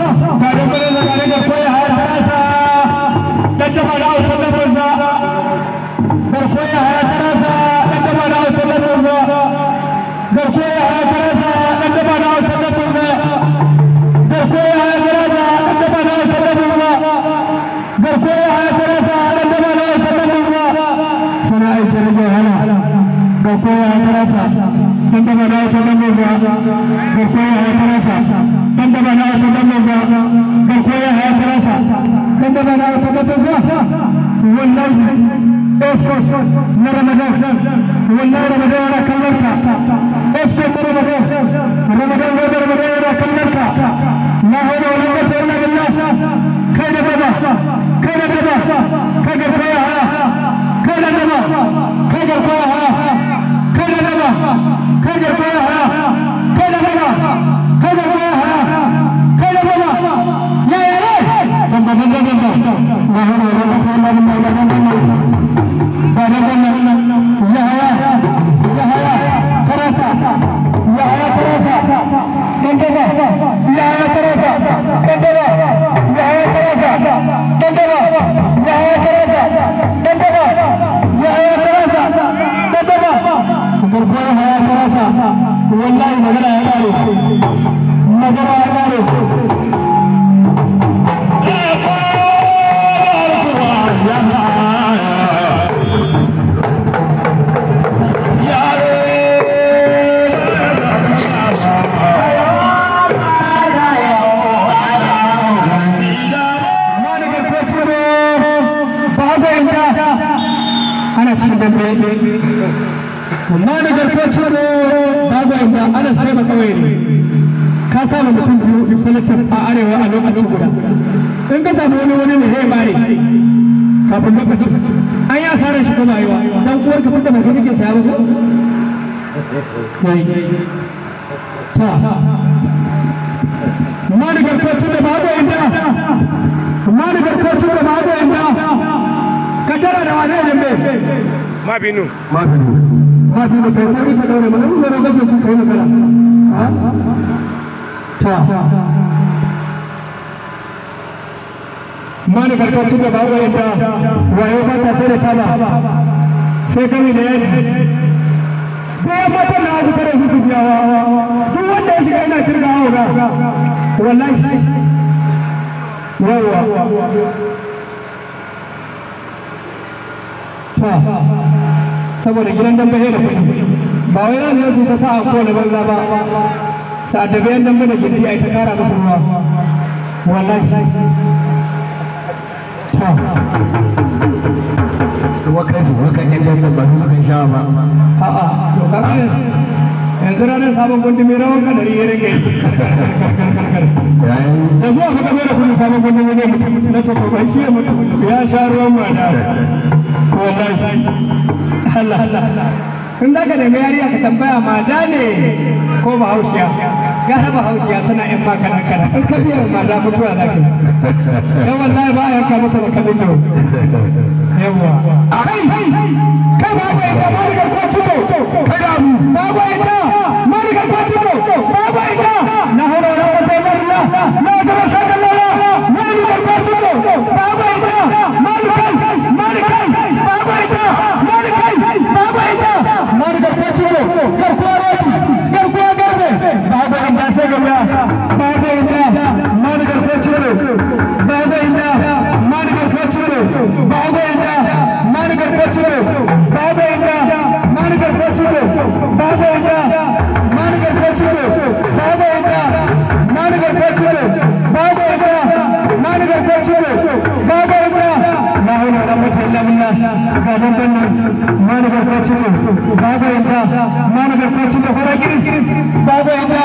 कार्यक्रम लगाने का कोई है तरसा तक बनाओ तुम्हें पुरसा घर कोई है तरसा तक बनाओ तुम्हें पुरसा घर कोई है तरसा तक बनाओ तुम्हें पुरसा घर कोई है तरसा तक बनाओ तुम्हें पुरसा घर कोई है तरसा तक बनाओ तुम्हें पुरसा सनाई तेरे जो है ना घर कोई है तरसा तक बनाओ तुम्हें पुरसा घर कोई है तरसा banda bana yatadammaza garkuwa hayatarasa banda bana yatadabbaza والله اسكت يا رمضان والله رمضان انا كلمتك اسكت يا رمضان رمضان غير رمضان انا كلمتك لا حول ولا قوه الا بالله كيد بابا كيد بابا كيد بابا amma da garko ciro babu inda ana sai ba ne ka samu mutum biyu salatin a arewa a lokaci guda in ka samu wani wani mai zai bare kafin lokaci an yi asarar shi kuma dan uwar saya ba da da ka da hafi da kai sai ta daure mana in zaro kake ci kai magana ta mani karkacin da ba wa yadda wayo sai da taba sai kawai da yaji ko mata na abu tare su su biyawa duk wanda ya shiga ina kirga hawa ga wallahi wawa saboda gidan dambe ya da ba wai ran yanzu ta sa a kowane banza ba sa da bayan dambe da gindi a ta kara musu ruwa wallahi Wa kai su suka yan dambe ba su sha ba a'a to kaga yanzu ranar sabon gundi mai rawan ya rage da zuwa ka kafe da kudin sabon gundi mai na shi ya mutu ya sha ruwan komai daga in za ka tambaya mada ne ko bahaushiya gara bahaushiya suna yin maka kanan kanan in ka biya mada mutuwa za ka dan wallahi ba a yanka masa da kabin da yawa kai kai ba ba ita ma rigar ko cibo kai da mu ba ba ita ma rigar ko cibo ba ba ita na horo na wata na na zama Allah ga dandan nan managar kwacin nan babu yanda managar kwacin nan sauran giris babu yanda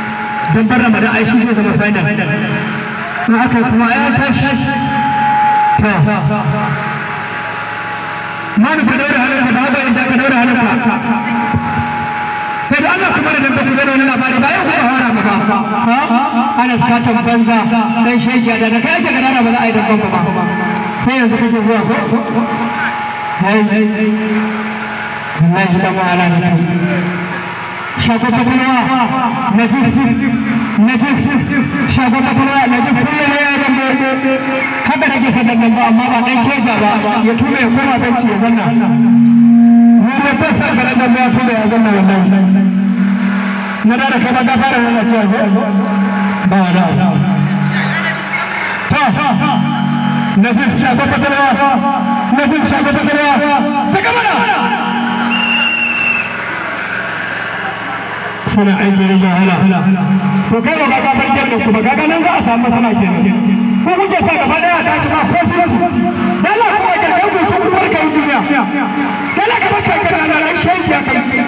don bar ramadan ai shi zai zama final in aka kuma ya tashi to manu ka daura hannunka ba ga inda ka daura sai da Allah kuma da dan ba ku gano wani labari ba yau kuma fara ba ana skatan banza dan shekiya da kai ake gadara ba za a yi dan ba sai yanzu kake zuwa ko wallahi da ma'ana ne شاكوت بلوا نجيب نجيب شاكوت بلوا نجيب ya amma ba ya ya zanna ne ya zanna na da fara da suna aiki da wahala to kai ba ka bar kyan ku ba kaga nan za a samu masana kenan ko kuke sa gaba daya tashi ma ko su su dala ku ba kirkan ku sun kuwar kai duniya dala ka bar shakar na nan shehi ya kai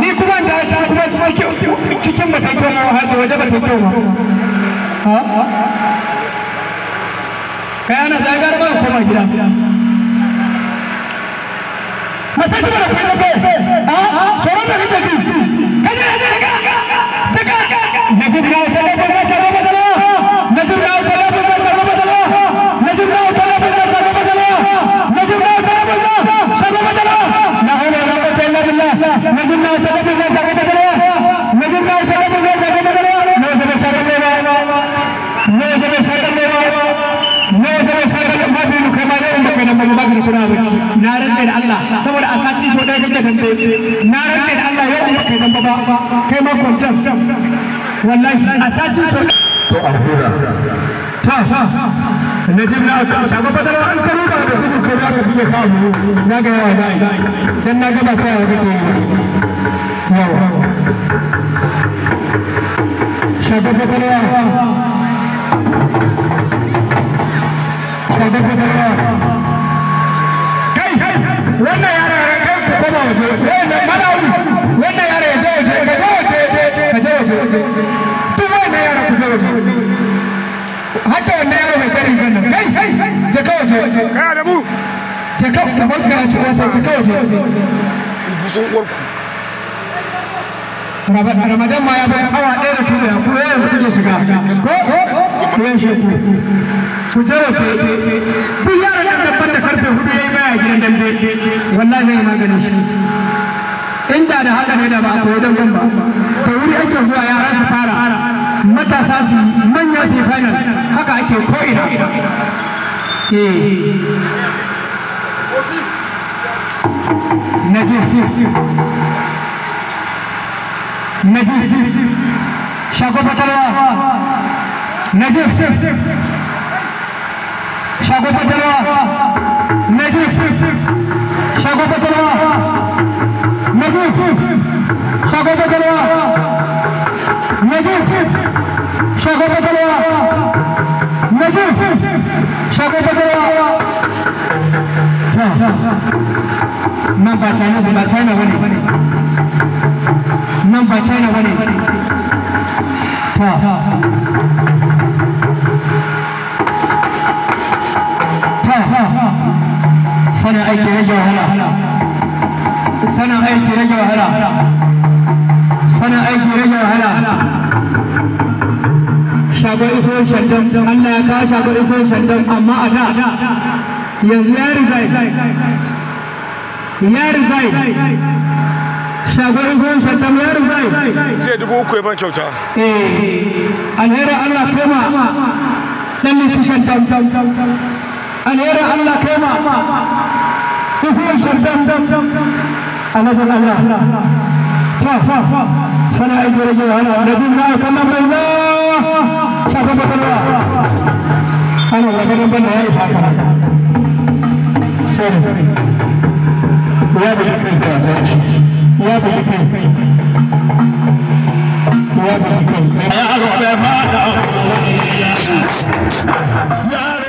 ni kuma da ya ta kuma cikin ba ta kyau ma hajji waje ba ta kyau ma kai ana zagar ba kuma gida ba sai shi ka da kwai ba ba a tsoron da ba kai ma kwantar wallahi a sati so to a hura ta na na shago an da kai ka yawa dan na gaba sai ya yawa shago shago kai wannan yara kai ku koma waje eh mana waje duk wannan yara ku je waje yaro mai tare karfe hudu ya yi baya gidan dambe wallahi zai inda da haka ne da ba ko da gun ba to wuri ake zuwa yaran su fara matasa su manya su final haka ake ko ina eh najib najib shago batalwa najib shago batalwa najib shago batalwa Najeeb স্বাগত খেলোয়াড় নজিব স্বাগত খেলোয়াড় nan ba China ba China China ta ta sana aiki rage wahala Sana aiki rage wahala sanin aiki rage wahala shagon iso shandam Allah ya kawo shagon iso shandam amma a da yanzu ya rizai ya rizai shagon iso shandam ya rizai sai dubu uku ya ban kyauta eh alheri Allah koma dan litishan tam tam alheri Allah koma iso shandam alazan Allah to sana ido rage wahala da jin na kallon banza shafa bakarwa ana da ganin banda ya isa ka sorry ya bi kai da ya bi kai ya ya aro ya